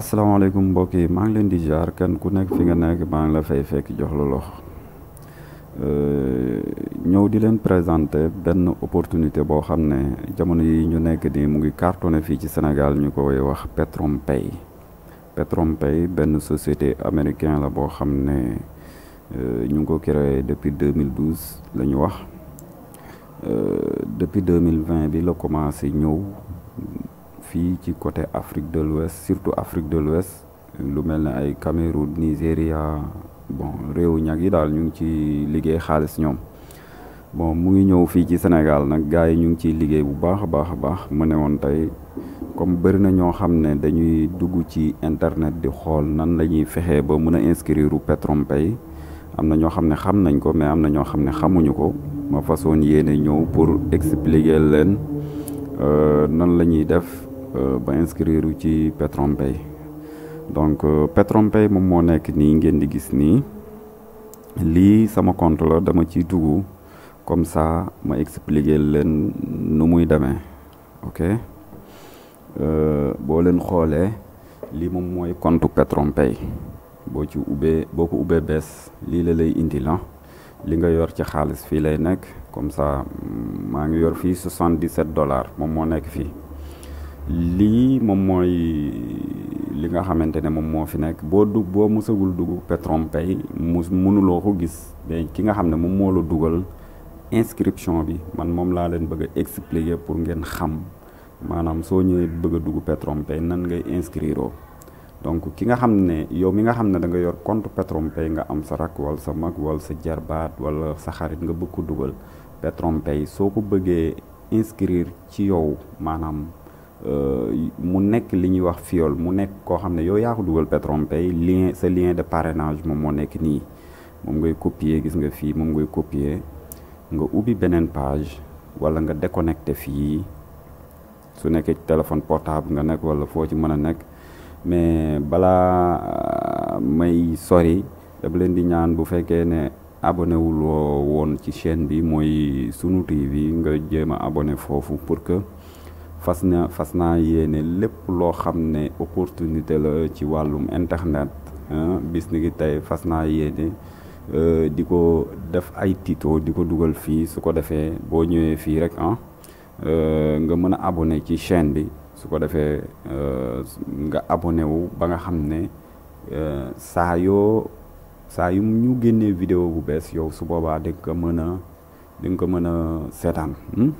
asalaamaaleykum mbokk yi maa ngi leen di jaar kenn ku nekk fi nga nekk maa ngi la fay fekk jox la loxo euh, ñëw di leen présenter benn opportunité boo xam ne jamono yi ñu nekk di mu ngi cartonné fii ci Sénégal ñu koy wax pay PetronPay PetronPay benn société américain la boo xam ne euh, ñu ngi ko créé depuis 2012 la ñu wax euh, depuis deux 2020 bi la commencé ñëw. fii ci côté Afrique de l'Ouest surtout Afrique de l'Ouest lu mel ne ay Cameroun Nigéria bon réew ñag yi daal ñu ngi ci liggéey xaalis ñoom bon mu ngi ñëw fii ci Sénégal nag gars yi ñu ngi ciy liggéey bu baax a baax a baax mu ne woon tey comme bëri na ñoo xam ne dañuy dugg ci internet di xool nan lañuy ñuy fexee ba mën a inscrire u Petron am na ñoo xam ne xam nañ ko mais am na ñoo xam ne xamuñu ko ma façon yéene ñëw pour expliquer leen euh, nan la ñuy def Euh, ba inscrire ci Petrompay donc euh, Petrompay moom moo nekk nii ngeen di gis nii lii sama compte la dama ciy dugg comme saa ma expliquer leen nu muy demee ok euh, boo leen xoolee lii moom mooy compte Petrompay boo ci ubbee boo ko ubbee bees lii la lay indi la li nga yor ci xaalis fii lay nekk comme saa maa ngi yor fii 77 dollars moom moo nekk fii lii moom mooy li nga xamante ne moom moo fi nekk boo dug boo mësagul dugg Petrompay mu mënuloo ko gis mais ki nga xam ne moom moo la dugal inscription bi man moom laa leen bëgg a expliquer pour ngeen xam maanaam soo ñëwee bëgg a dugg Petrompay nan ngay inscrire donc ki nga xam ne yow mi nga xam ne da nga yor compte Petrompay nga am sa rakk wala sa mag wal sa jarbaat wala sa xarit nga bëgg ko dugal Petrompay soo ko bëggee inscrire ci yow maanaam. Euh, mu nekk li ñuy wax fiol mu nekk koo xam ne yow yaa dugal dugal Petronpay lien sa lien de parrainage moom moo nekk nii moom ngay copier gis nga fii moom ngay copier nga ubbi beneen page wala nga déconnecté fii su nekkee téléphone portable nga nekk wala foo ci mën a nekk mais balaa euh, may sori daf leen di ñaan bu fekkee ne abonné woon ci chaîne bi mooy sunu TV nga jéem a abonné foofu pour que fas na fas naa yéene lépp loo xam ne opportunité la ci wàllum internet bis ni ki tey fas naa yéene euh, di ko def ay tuto di ko dugal fii su ko defee boo ñëwee fii rek ah nga mën a abonné ci chaîne bi su ko defee euh, nga abonné wu ba nga xam ne saa yoo saa yu ñu génnee vidéo bu bees yow su boobaa di nga ko mën a di nga ko mën a seetaan. Hmm.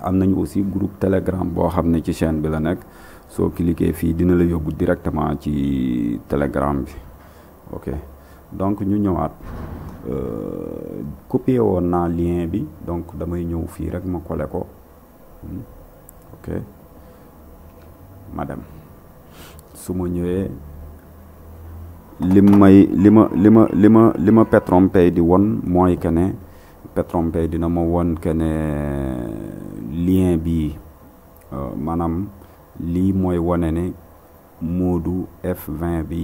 am nañu aussi groupe telegram boo xam ne ci chaine bi la nekk soo cliquer fii dina la yóbbu directement ci telegram bi ok donc ñu ñëwaat euh, copier woon naa lien bi donc damay ñëw fii rek ma kole ko hmm. ok ma dem su ma ñëwee lim may li ma li ma li ma li ma Petron Pay di won mooy que ne Petron dina ma won que ne lien bi euh, maanaam lii mooy wane ne moodu F20 bi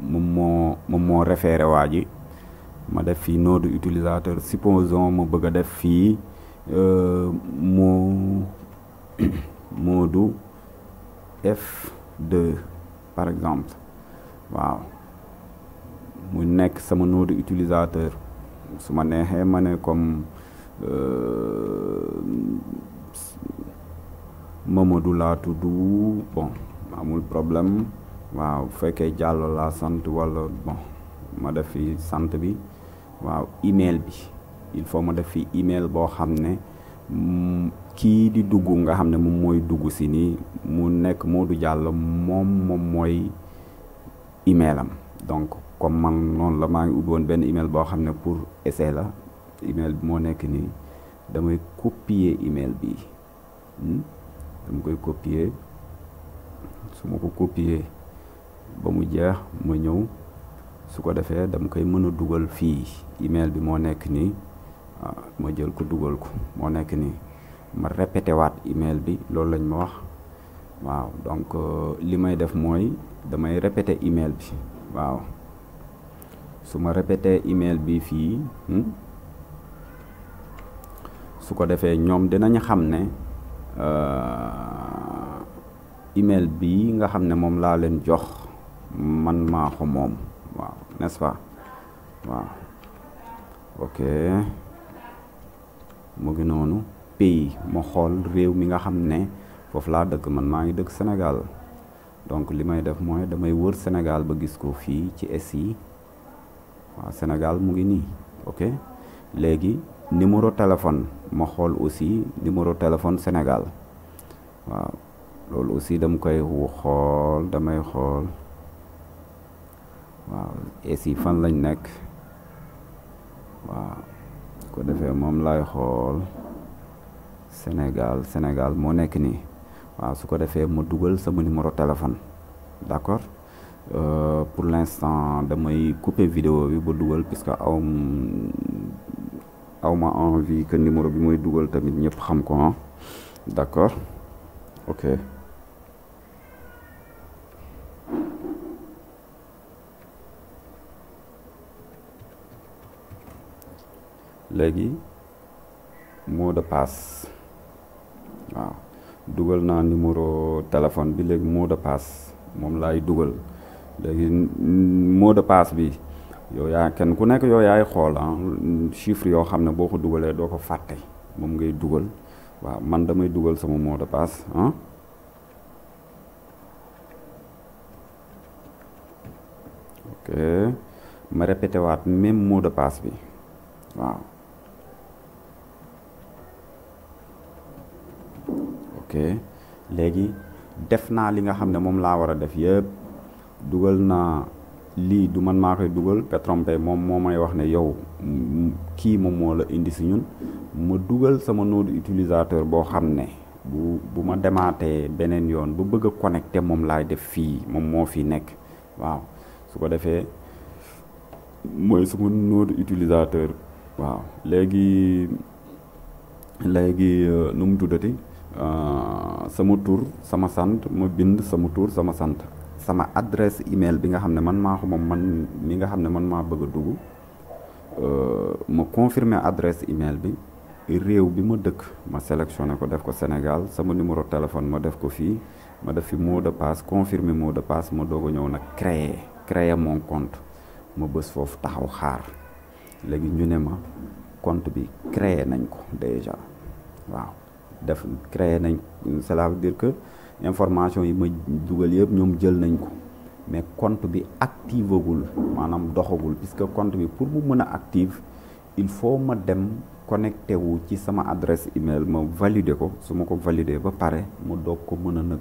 moom moo moom moo référé waa ji ma def fii node utilisateur supposons ma bëgg a def fii moo moodu F2 par exemple waaw mu nekk sama nodu utilisateur su ma neexee ma ne comme euh, Mamadou laa tudd bon amul problème waaw bu fekkee Diallo laa sant wala bon ma def fi sant bi waaw email bi il faut ma def fi email boo xam ne mm, kii di dugg nga xam ne moom mooy dugg si nii mu nekk Modou Diallo moom moom mooy email donc comme man noonu la maa ngi ubbi woon benn email boo xam ne pour essai la email bi moo nekk nii damay copier email bi Hmm? dama koy copier su ma ko copier ba mu jeex ma ñëw su ko defee dama koy mën a dugal fii email bi moo nekk nii ah, ma jël ko dugal ko moo nekk nii ma répété email bi loolu lañ ma wax waaw donc euh, li may def mooy damay répété email bi waaw su ma répété email bi fii hmm? su ko defee ñoom dinañu xam ne. Euh, email bi nga xam ne moom laa leen jox man maa ko moom waaw nest pas waaw ok mu ngi noonu pays ma xool réew mi nga xam ne foofu laa dëkk man maa ngi dëkk senegal donc li may def mooy damay wër senegal ba gis ko fii ci SI waaw senegal mu ngi nii ok léegi numéro téléphone ma xool aussi numéro téléphone Sénégal waaw loolu aussi dama koy xool damay xool waaw esi fan lañ nekk waaw ko defee moom lay xool Sénégal Sénégal moo nekk nii waaw su ko defee ma dugal sama numéro téléphone d'accord euh, pour l'instant damay couper vidéo bi ba dugal puisque aw aw ma envie que numéro bi mooy dugal tamit ñëpp xam ko ah d'accord ok léegi mot de passe waaw dugal naa numéro téléphone bi léegi mot de passe moom laay dugal léegi mot de passe bi yow yaa kenn ku nekk yow yaay xool ah chiffre yoo xam ne boo ko dugalee doo ko fàtte moom ngay dugal waaw man damay dugal sama mot de passe ah ok même mot de passe bi waaw ok léegi def naa li nga xam ne moom laa war a def yëpp dugal naa lii du man maa koy dugal Petronpay moom moo may wax ne yow kii moom moo la indi si ñun ma dugal sama node utilisateur boo xam ne bu bu ma demaatee beneen yoon bu bëgg a connecté moom laay def fii moom moo fi nekk waaw su ko defee mooy sama node utilisateur waaw léegi léegi euh, nu mu tuddati euh, sama tur sama sant ma bind sama tur sama sant sama adresse email bi nga xam ne man maa ko moom man mi nga xam ne man maa bëgg a dugg euh, ma confirmer adresse email bi réew bi ma dëkk ma sélectionné ko def ko Sénégal sama numéro téléphone ma def ko fii ma def fi mot de passe confirmer mot de passe ma doog ñëw nag créer créer mon compte ma bës foofu taxaw xaar léegi ñu ne ma compte bi créer nañ ko déjà waaw def créer nañ cela dire que information yi ma dugal yëpp ñoom jël nañ ko mais compte bi activagul maanaam doxagul puisque compte bi pour mu mën a active il faut ma dem connecté wu ci sama adresse email ma valider ko su ma ko valider ba pare ma doog ko mën a nag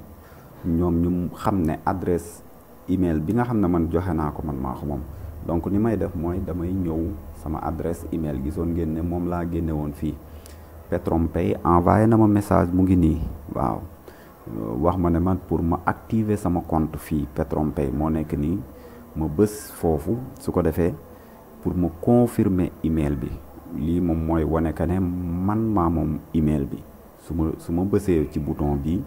ñoom ñu xam ne adresse email bi nga xam ne man joxe naa ko man maa ko moom donc ni may def mooy damay ñëw sama adresse email gisoon ngeen ne moom laa génne woon fii Petron Pay envoyé na ma message mu ngi nii waaw wax ma ne man pour ma activer sama compte fii Petronpay moo nekk nii ma bës foofu su ko defee pour ma confirmer email bi lii moom mooy wane que ne man maa moom email bi su ma su ma bësee ci bouton bi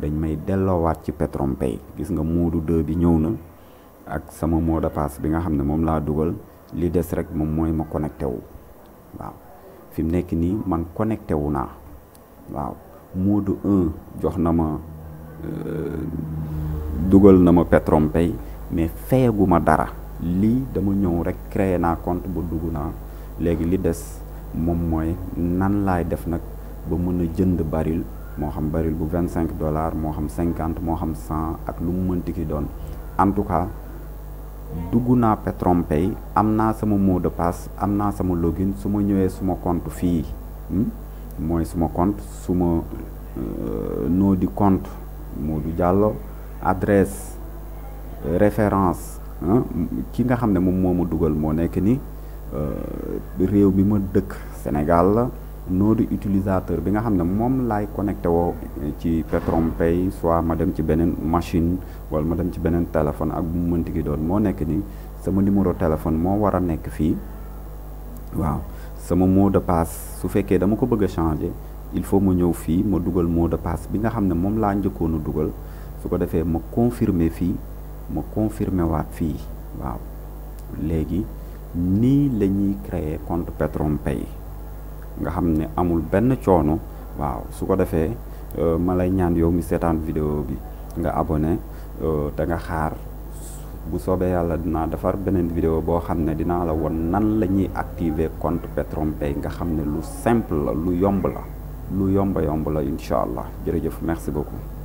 dañ may delloowaat ci Petronpay gis nga moodu 2 bi ñëw na ak sama mot de bi nga xam ne moom laa dugal li des rek moom mooy ma connecté wu waaw fi mu nekk nii man connecté wu naa waaw Moodu 1 jox na ma euh, dugal na ma Petrom Pay mais feyaguma dara lii dama ñëw rek créé naa compte bu dugg naa léegi li des moom mooy nan laay def nag ba mën a jënd baril moo xam baril bu vingt cinq dollars moo xam cinquante moo xam cent ak lu mu mënti ki doon en tout cas dugg naa Petrom am naa sama mot de am naa sama login su ma ñëwee suma compte fii. Hmm? mooy suma compte suma euh, nom du compte Modou Diallo adresse référence ki nga xam ne moom moo ma dugal moo nekk ni euh, réew bi ma dëkk Sénégal la nom di utilisateur bi nga xam ne moom laay connecté woo euh, ci Petron Pay soit ma dem ci beneen machine wala ma dem ci beneen téléphone ak bu mu mënti gi doon moo nekk nii sama numéro téléphone moo war a nekk fii waaw sama mot de passe su fekkee dama ko bëgg a changer il faut ma ñëw fii ma dugal mot de passe bi nga xam ne moom laa njëkkoon a dugal su ko defee ma confirmer fii ma confirmer waat fii waaw léegi nii la ñuy créer compte Petronpay nga xam ne amul benn coono waaw su ko defee euh, ma lay ñaan yow mi seetaan vidéo bi nga abonné euh, te nga xaar bu soobee yàlla dinaa defar beneen vidéo boo xam ne dinaa la woon nan la ñuy activer contre petrompe nga xam ne lu simple la lu yomb la lu yomba yomb la incha allah jërëjëf merci beaucoup